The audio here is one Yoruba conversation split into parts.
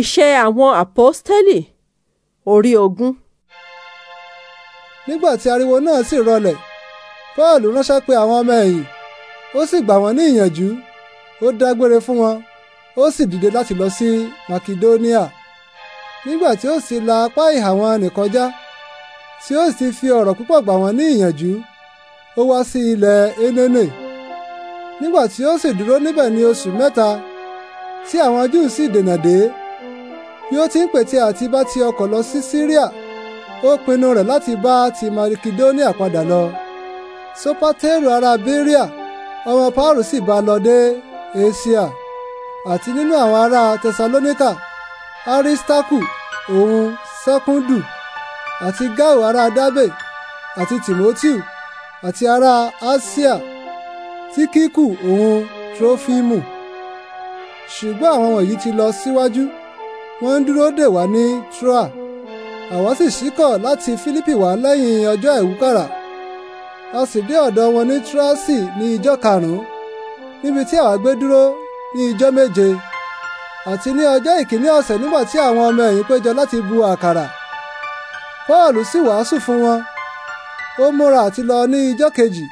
Iṣẹ́ àwọn Àpọ́stélì orí ogún. Nígbà tí ariwo náà sì rọlẹ̀, Pọ́ọ̀lù ránṣẹ́ pe àwọn ọmọ ẹ̀yìn, ó sì gbà wọ́n ní ìyànjú, ó dágbére fún wọn, ó sì dìde láti lọ sí Makedóníà. Nígbà tí ó sì la apá ìhà wọn nìkọjá, tí ó sì fi ọ̀rọ̀ púpọ̀ gbà wọ́n ní ìyànjú, ó wá sí ilẹ̀ Énénè. Nígbà tí ó sì dúró níbẹ̀ ní oṣù mẹ́ta, tí àwọn Júù sì dènà dé bí ó ti ń pète àti bá ti ọkọ̀ lọ sí Síríà ó pinnu rẹ̀ láti bá ti Makedonia padà lọ Sopatero ará Beria ọmọ Paulu sì bá lọ dé Asia àti nínú àwọn ará Tẹsalóníkà Aristaku òun Sekundu àti Gáò ará Dábè àti Tìmótíù àti ará Asia Tíkíkù òun Trófímù ṣùgbọ́n àwọn wọ̀nyí ti lọ síwájú si wọ́n ń dúró dè wá ní Troa àwa sì ṣíkọ̀ láti Fílípì wá lẹ́yìn ọjọ́ ìwúkàrà a sì dé ọ̀dọ̀ wọn ní Troasi ní ijọ́ karùn-ún níbi tí àwa gbé dúró ní ijọ́ méje àti ní ọjọ́ ìkíní ọ̀sẹ̀ nígbà tí àwọn ọmọ ẹ̀yìn péjọ láti bu àkàrà Paul sì wàásù fún wọn ó múra àti lọ ní ijọ́ kejì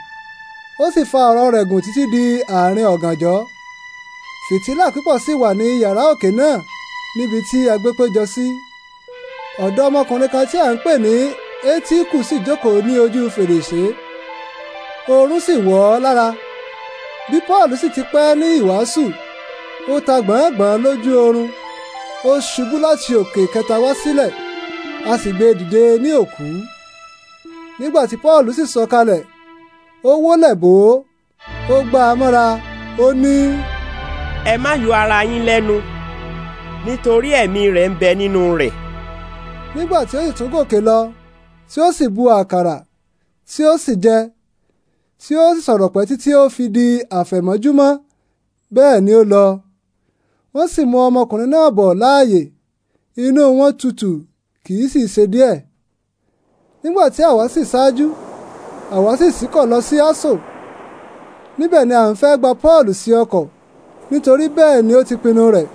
ó sì fa ọ̀rọ̀ rẹ̀ gùn títí di àárín ọ̀gànjọ́ fìtílà púpọ̀ sì wà ní yàrá òkè náà níbi tí a gbé péjọ sí ọ̀dọ́mọkùnrin kan tí à ń pè ní Étíkù sì jókòó ní ojú fèrèsé oorun sì wọ̀ ọ́ lára bí Paul sì ti pẹ́ ní ìwàásù ó ta gbọ̀ngbọ̀n lójú oorun ó ṣubú láti òkè kẹta wá sílẹ̀ a sì gbé e dìde ní òkú nígbà tí Paul sì sọ̀kalẹ̀ ó wólẹ̀ bò ó ó gbá mọ́ra ó ní. ẹ má yọ ara yín lẹ́nu. No nítorí ẹ̀mí rẹ̀ ń bẹ nínú rẹ̀. nígbà tí ó sì tún gòkè lọ tí ó sì bu àkàrà tí ó sì jẹ tí ó sì sọ̀rọ̀ pẹ́ títí ó fi di àfẹ̀mọ́júmọ́ bẹ́ẹ̀ ni ó lọ wọ́n sì mú ọmọkùnrin náà bọ̀ láàyè inú wọn tutù kì í sì ṣe díẹ̀ nígbà tí àwa sì ṣáájú àwa sì ṣíkọ̀ lọ sí aso níbẹ̀ ni à ń fẹ́ gba Paul sí ọkọ̀ nítorí bẹ́ẹ̀ ni ó ti pinnu rẹ̀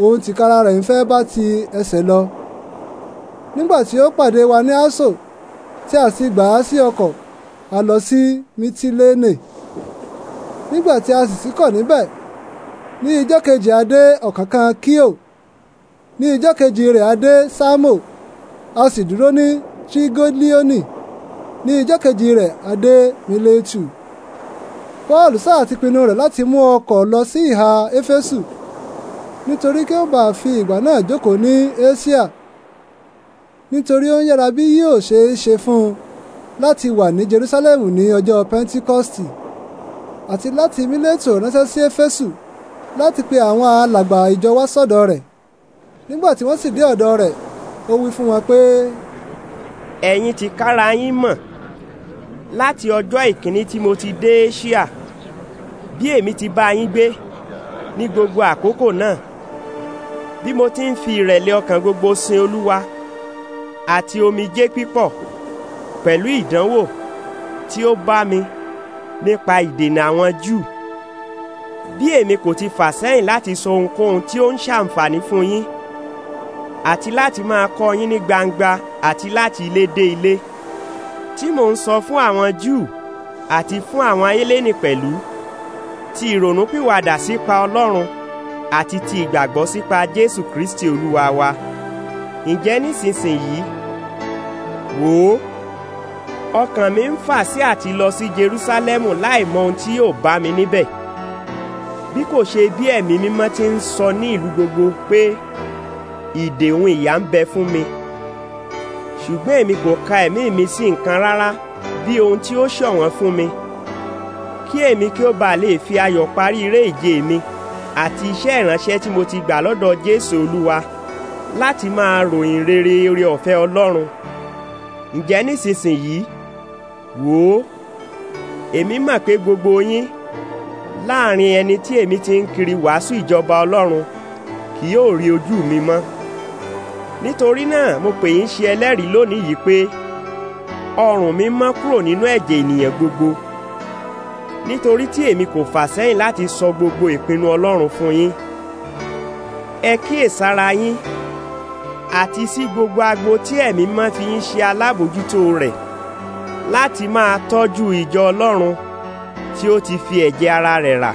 òun tìkára rẹ̀ ń fẹ́ bá ti ẹsẹ̀ lọ nígbà tí ó pàdé wa ní aso tí a sì gbà á sí ọkọ̀ a lọ sí mitilene nígbà tí a sì síkọ̀ níbẹ̀ ní ijọ́ kejì a ọ̀kánkán kíò ní ijọ́ kejì rẹ̀ a dé sámò a sì dúró ní trigolioni ní ijọ́ kejì rẹ̀ a miletu paul sáà ti pinnu rẹ̀ láti mú ọkọ̀ lọ sí ìhà Efesu. nítorí kí ó bá fi ìgbà náà jókòó ní Asia nítorí ó ń yára bí yóò ṣe é ṣe fún un láti wà ní Jerusalem ní ọjọ́ Pentikọ́sítì àti láti Mílétò ránṣẹ́ sí Éfésù láti pe àwọn alàgbà ìjọ wá sọ́dọ̀ rẹ̀ nígbà tí wọ́n sì dé ọ̀dọ̀ rẹ̀ ó wí fún wọn pé. ẹ̀yin ti kára yín mọ̀ láti ọjọ́ ìkíní tí mo ti dé Ṣíà bí èmi ti bá yín gbé ní gbogbo àkókò náà bí mo ti ń fi ìrẹ̀lẹ̀ ọkàn gbogbo sin olúwa àti omijé pípọ̀ pẹ̀lú ìdánwò tí ó bá mi nípa ìdènà àwọn Júù bí èmi kò ti fà sẹ́yìn láti sọ ohunkóhun tí ó ń ṣàǹfààní fún yín àti láti máa kọ́ yín ní gbangba àti láti ilé dé ilé tí mò ń sọ fún àwọn Júù àti fún àwọn ayéléni pẹ̀lú ti ìrònúpìwàdà sípa Ọlọ́run àti ti ìgbàgbọ́ sípa Jésù Kristi Olúwa wa ǹjẹ́ nísinsìnyí wò ó ọkàn mi ń fà sí àti lọ sí Jerúsálẹ́mù láì mọ ohun tí yóò bá mi níbẹ̀ bí kò ṣe bí ẹ̀mí mímọ́ ti ń sọ ní ìlú gbogbo pé ìdèhùn ìyà ń bẹ fún mi ṣùgbọ́n èmi kò ka ẹ̀mí mi sí nǹkan rárá bí ohun tí ó ṣọ̀wọ́n fún mi kí èmi kí ó bàa lè fi ayọ̀ parí eré ìje mi àti iṣẹ́ ìránṣẹ́ tí mo ti gbà lọ́dọ̀ Jésù Olúwa láti máa ròyìn rere oore ọ̀fẹ́ Ọlọ́run ǹjẹ́ nísinsìnyí wò ó èmi mọ̀ pé gbogbo yín láàrin ẹni tí èmi ti ń kiri wàásù ìjọba Ọlọ́run kì yóò rí ojú mi mọ́ nítorí náà mo pè yín ṣe ẹlẹ́rìí lónìí yìí pé ọrùn mi mọ́ kúrò nínú ẹ̀jẹ̀ ènìyàn gbogbo nítorí tí èmi kò fà sẹ́yìn láti sọ gbogbo ìpinnu Ọlọ́run fún yín ẹ kíyèsára yín àti sí gbogbo agbo tí ẹ̀mí mọ́ fi ń ṣe alábòjútó rẹ̀ láti máa tọ́jú ìjọ Ọlọ́run tí ó ti fi ẹ̀jẹ̀ ara rẹ̀ rà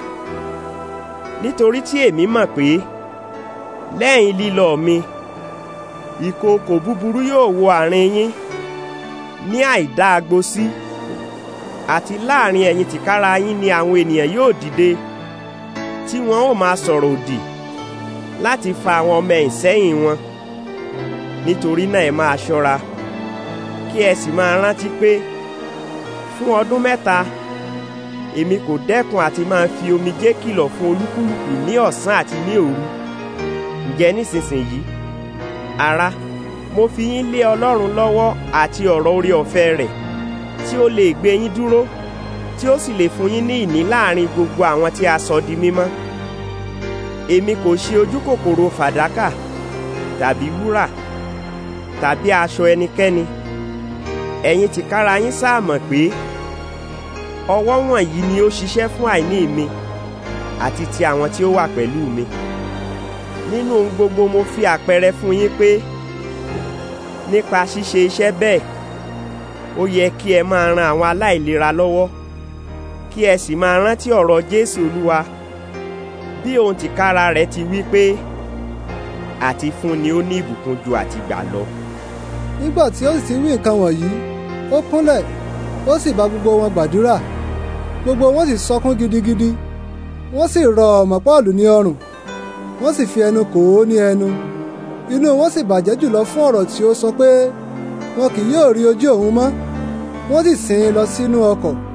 nítorí tí èmi mọ̀ pé lẹ́yìn lílọ mi ìkookò búburú yóò wọ àárín yín ní àìdá agbo sí. Si àti láàrin ẹ̀yin tìkára yín ni àwọn ènìyàn yóò dìde tí wọn ó máa sọ̀rọ̀ òdì láti fa àwọn ọmọ ẹ̀yìn sẹ́yìn wọn nítorí náà ẹ máa ṣọ́ra kí ẹ sì máa rántí pé fún ọdún mẹ́ta èmi kò dẹ́kun àti máa fi omijé kìlọ̀ fún olúkúlùkù ní ọ̀sán àti ní òru ǹjẹ́ nísinsìnyí ará mo fi yín lé Ọlọ́run lọ́wọ́ àti ọ̀rọ̀ oore ọ̀fẹ́ rẹ̀ tí ó lè gbé yín dúró tí ó sì lè fún yín ní ìní láàrin gbogbo àwọn tí a sọ di mímọ́ èmi kò ṣe ojúkòkòrò fàdákà tàbí wúrà tàbí aṣọ ẹnikẹ́ni ẹ̀yin tìkára yín sáà mọ̀ pé ọwọ́ wọ̀nyí ni ó ṣiṣẹ́ fún àìní mi àti ti àwọn tí ó wà pẹ̀lú mi nínú gbogbo mo fi àpẹẹrẹ fún yín pé nípa ṣíṣe iṣẹ́ bẹ́ẹ̀ ó yẹ kí ẹ máa ran àwọn aláìlera lọ́wọ́ kí ẹ sì máa rántí ọ̀rọ̀ Jésù Olúwa bí òun tìkára rẹ̀ ti wí pé àti fún ni ó ní ìbùkún ju àtìgbà lọ. nígbà tí ó sì ti wí nǹkan wọ̀nyí ó kúnlẹ̀ ó sì bá gbogbo wọn gbàdúrà gbogbo wọn sì sọkún gidigidi wọ́n sì rọ ọ̀mọ̀ Pọ́ọ̀lù ní ọrùn wọ́n sì fi ẹnu kò ó ní ẹnu inú wọn sì bàjẹ́ jùlọ fún ọ̀rọ̀ tí ó sọ pé wọn kì yóò rí ojú òun mọ́ modiselo sinuoko